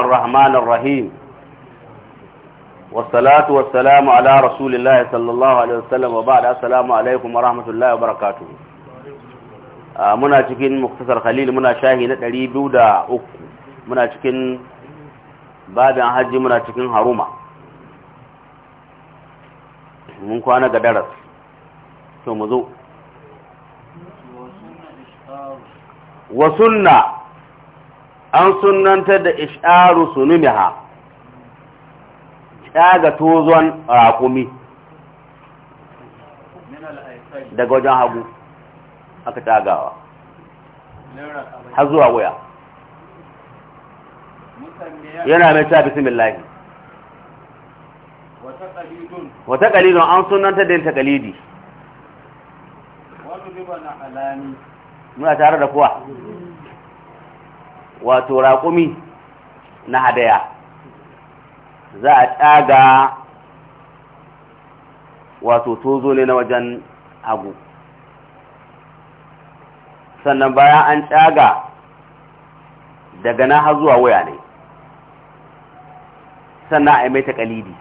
الله الرحمن الرحيم والصلاة والسلام على رسول الله صلى الله عليه وسلم وبعد السلام عليكم ورحمة الله وبركاته muna cikin muktasar khalil muna shahi na 203 muna cikin babin hajji muna cikin haruma mun kwana ga daras to mu zo wa sunna an sunantar da isharu sunumiha ga tozon rakumi daga wajen hagu aka tagawa har zuwa wuya yana mai ta bismillahi wata kalidon an sunanta da yin takalidi muna tare da kuwa wato raƙumi na hadaya za a tsaga wato tozo ne na wajen hagu sannan bayan an tsaga daga na har zuwa waya ne sannan a yi mai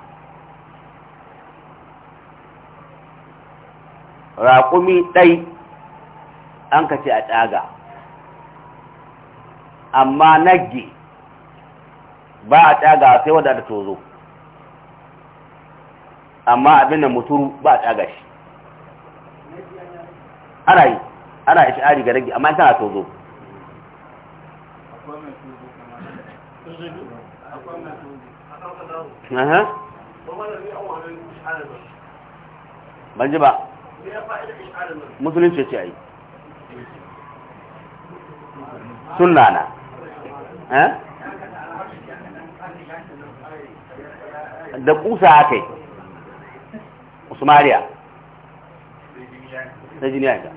raƙumi ɗai an ka ce a tsaga amma nagge ba a tsaga sai wadda da tozo amma abin da muturu ba a tsaga shi ana yi ana yi shi'ari ga nagge amma tana tozo ban ji ba musulunci ce ce yi sunna na Eh? da kusa haka yi usmariya na jiniya ita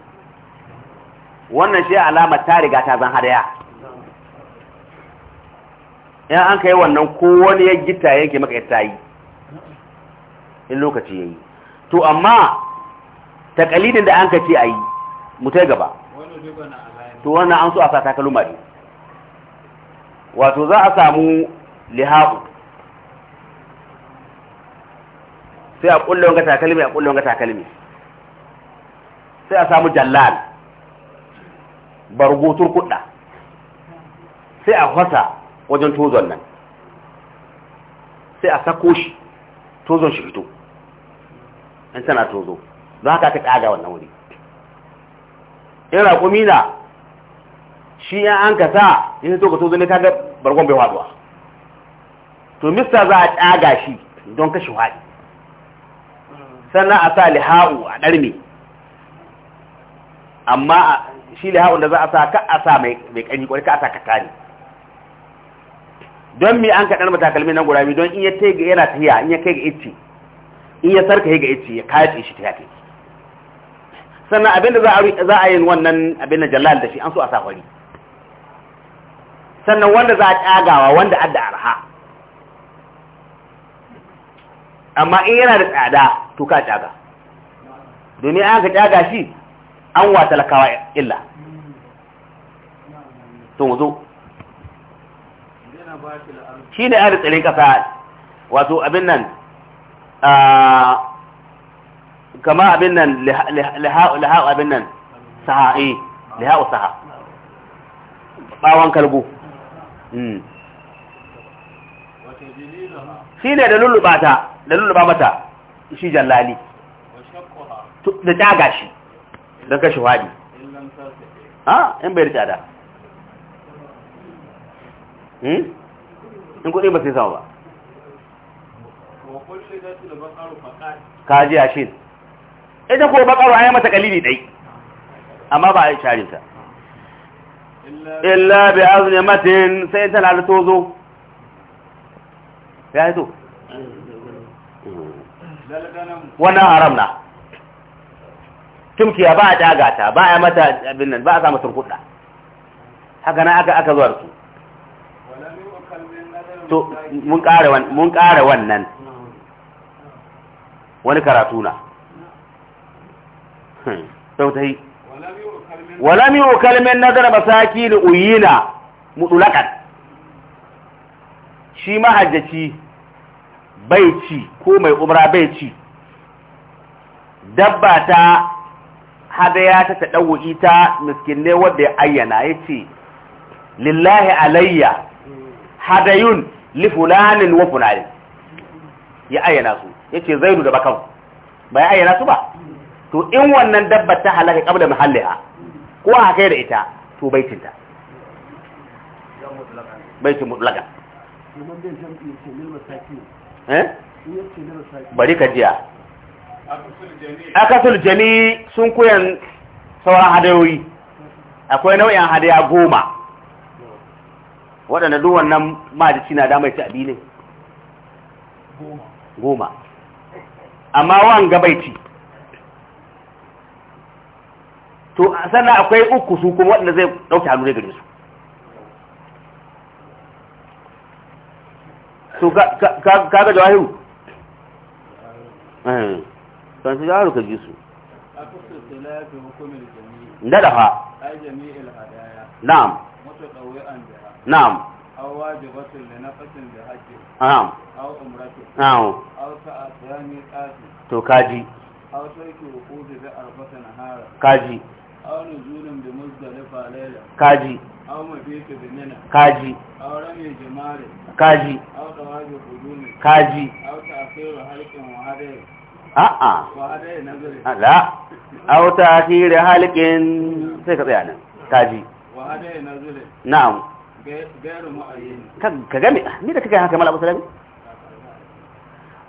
wannan shi alama ta riga ta zan hadaya in an ka yi wannan kowane ya gita yanke maka ya tayi in lokaci ya yi to amma takalidin da an ka ce a yi mutai gaba to wannan an so a sa takalumari wato za a samu lihaku sai a kulle wanga takalmi a kulle wanga takalmi sai a samu jallal barbutur kudda sai a hwasa wajen tozon nan sai a sako shi tozon shi fito in tana tozo za haka ta kaga wannan wuri in raƙumi na shi ya an ka sa yin to ka to zane kaga bargon bai faduwa to mista za a tsaga shi don kashe haɗi sannan a sa liha'u a ɗarme amma shi liha'u da za a sa ka a sa mai ƙanyi ƙwari ka a sa ka tare don mi an kaɗar matakalmi nan gurami don in ya ta ga yana tahiya in ya kai ga ice in ya sarka ga ice ya kayace shi ta yake sannan abinda za a yi wannan abin da jallal da shi an so a sa kwari. sannan wanda za a ƙagawa wanda adda arha amma in yana da tsada to ka ƙaga domin an ka ƙaga shi an wa talakawa illa to zo shi ne an tsare ƙasa wato abin nan kama abin nan liha'u abin nan saha'i liha'u saha ɓawon kalbo Hmm. shi ne da lullubata, da lulluɓa mata shi jallali da daga shi don kashe wadi ha in bai rikada hmm? in kudi ba sai sama ba kaji a shi ita ko bakaru a yi mata kalili dai. amma ba a yi sharinta illa bi aznimatin sai tana da tozo ya hito wannan haram na tumkiya ba a dagata ba a mata abin nan ba a samu turkuɗa haka na aka aka zuwa su to mun ƙara wannan wani karatu na sau ta yi ولم يوكل من نذر مساكين أيينا مطلقا shi mahajjaci bai ci ko mai umra bai ci dabba ta hadaya ta taɗawu'i ta miskinne wadda ya ayyana ya ce lillahi alayya hadayun li fulanin ya ayyana su ya ce zainu da bakan bai ayyana su ba to in wannan dabbar ta halaka kabla mahalliha ko a kai da ita to baitin ta baitin mutlaka eh? bari ka jiya akasul jani sun koyan sauran hadayoyi akwai nau'in hadaya goma waɗanda duk wannan majici na damar ci abi ne goma amma wa'an gabaici to sannan akwai uku su kuma waɗanda zai ɗauke hannu ne gare su to ka ga jawahiru kan eh, su jawahiru ka ji su da da fa na'am na'am أو واجبة لنفس بحج أو ترك وقوف بعرفة نهارا كاجي أو نزول بمزدلفة ليلة كاجي أو مبيت بمنى كاجي أو رمي جمال كاجي أو طواف قدوم كاجي أو تأخير حلق وهدي a'a la au ta kire halkin sai ka كاجي nan kaji na'am ka game ni da kake haka mala abu salami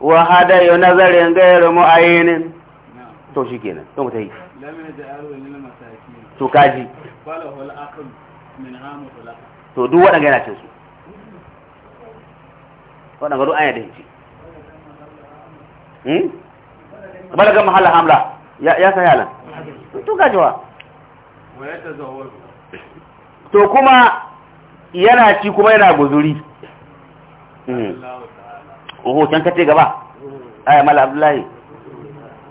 wa hada yau nazarin gairu mu'ayinin to shi kenan don ta yi to kaji to duk waɗanda yana cin su waɗanda duk an yadda hinci hmm? balaga mahala hamla ya sa yalan to kaji wa to kuma yana ci kuma yana guzuri hmm. oho can kace gaba aya mala abdullahi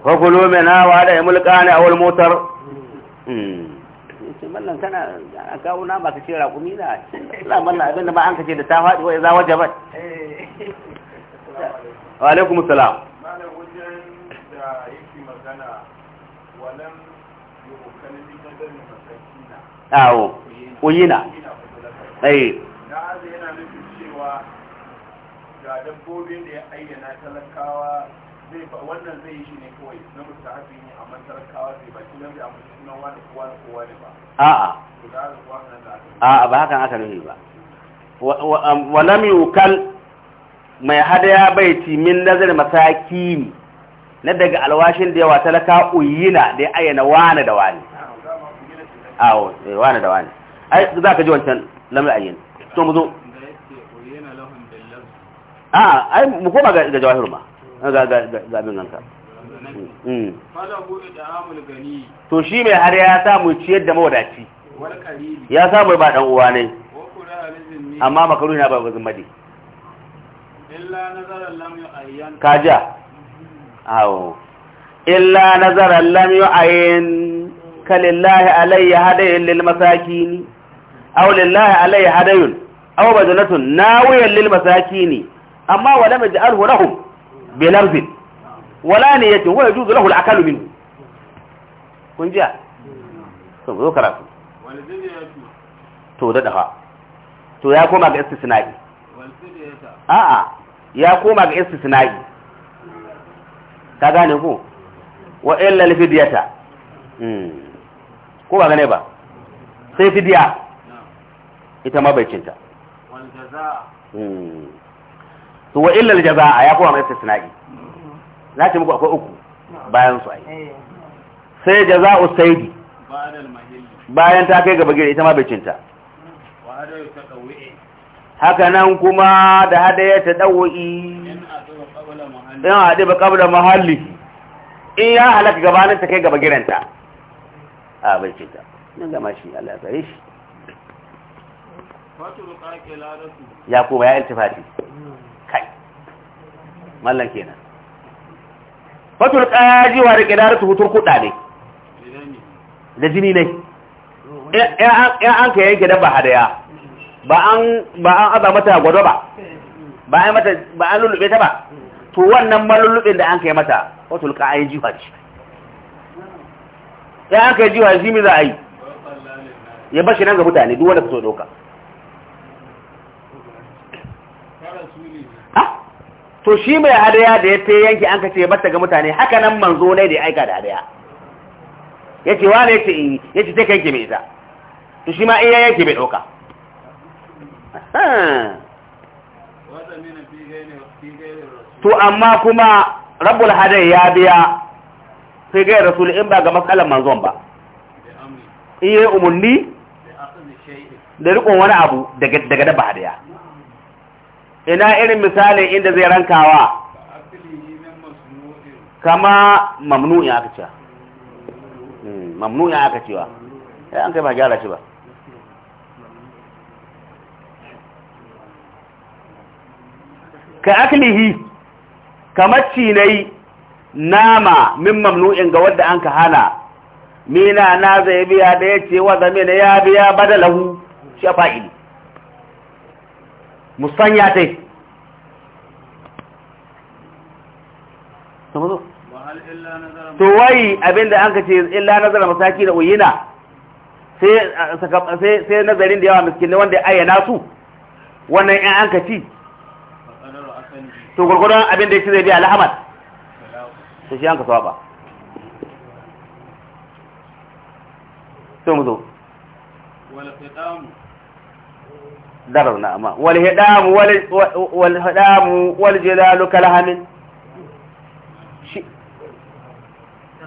fakulu mina wa da ya mulka ne a wal motar mallan kana a kawo na masu ce raƙumi na la mallan abin da ba an kace da ta faɗi wa ya za waje ba wa alaikum salam malam wajen da yake magana walam yukan bi kadar masakina awo uyina eh da yana nufin cewa ga dabbobin da ya ayyana talakawa zai fa wannan zai yi shi ne kawai na mustahabi ne amma tarkawa zai ba shi nan da amma suna wani kowa da kowa ne ba a'a a ba hakan aka nufi ba wa lam yukal mai hadaya baiti min nazar masakin na daga alwashin da yawa talaka uyina da ya ayyana wani da wani a eh, wani da wani ai za ka ji wancan lamar ayyin to mu zo a ai mu koma ga jawahir ma Ah, ga gabin ganka hmm. to shi mai har ya samu ciyar da mawadaci ya samu ba dan uwa ne amma makaru na ba gazin madi kaja awo illa nazarar lam yu'ayyan kalillahi alayya hadayin lil ni aw lillahi alayya hadayun aw badanatun nawiyan lil ni amma wa lam yaj'alhu بلفظ ولا نية ويجوز له الأكل منه kun jiya sun zo karatu to daɗawa to ya koma ga istisna'i a'a ya koma ga istisna'i ka gane ko wa illa lifidiyata ko ba gane ba sai fidiya ita ma bai cinta to wa illa aljazaa ya kuma mai istisna'i na ce muku akwai uku bayan su ai eh. sai jaza'u saidi bayan ta kai gaba gida ita ma bai cinta haka nan kuma da hadaya ta dawo'i in haɗe ba kabla mahalli in ya halaka gabanin ta kai gaba giranta a bai cinta nan gama shi Allah ya shi ya kuma ya iltifati hmm. mallan kenan fatul qaji wa da kidaratu hutur kuda ne da jini ne ya an ka yanke dabba hadaya ba an ba an aza mata gwado ba ba an mata ba an lulube ta ba to wannan malulubin da an kai mata fatul qaji wa shi ya an kai jiwa shi za a yi ya bashi nan ga mutane duk wanda ka so doka to shi mai hadaya da ya fi yanki an kace batta ga mutane haka nan manzo ne da ya aika da hadaya ya ce wane ya ce in ya ce take ka yanke mai ita to shi ma iya yanke mai ɗauka to amma kuma rabbul hadai ya biya sai ga rasul in ba ga matsalar manzon ba iya umarni da rikon wani abu daga daba hadaya ina irin misalin inda zai rankawa kama mamnu'i aka cewa hmm, mamnu'i aka cewa ya eh, an kai ba gyara shi ba ka aklihi kamar cinai nama min mamnu'in ga wadda an ka hana mina na zai biya da ya ce wa zame ya biya badalahu shi a fa'ili musanya ta yi to wai abinda an ka ce illa nazara masaki da uyina sai nazarin da yawa miskinai wanda ya ayyana su wannan yan an ka ci to gwargwadon abinda ya ci zai biya alhamad to shi an ka saba to mu zo darar amma wal hidamu wal hidamu wal jilalu kalhamin shi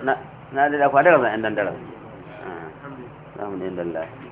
na na da kwa darar zan dan darar alhamdulillah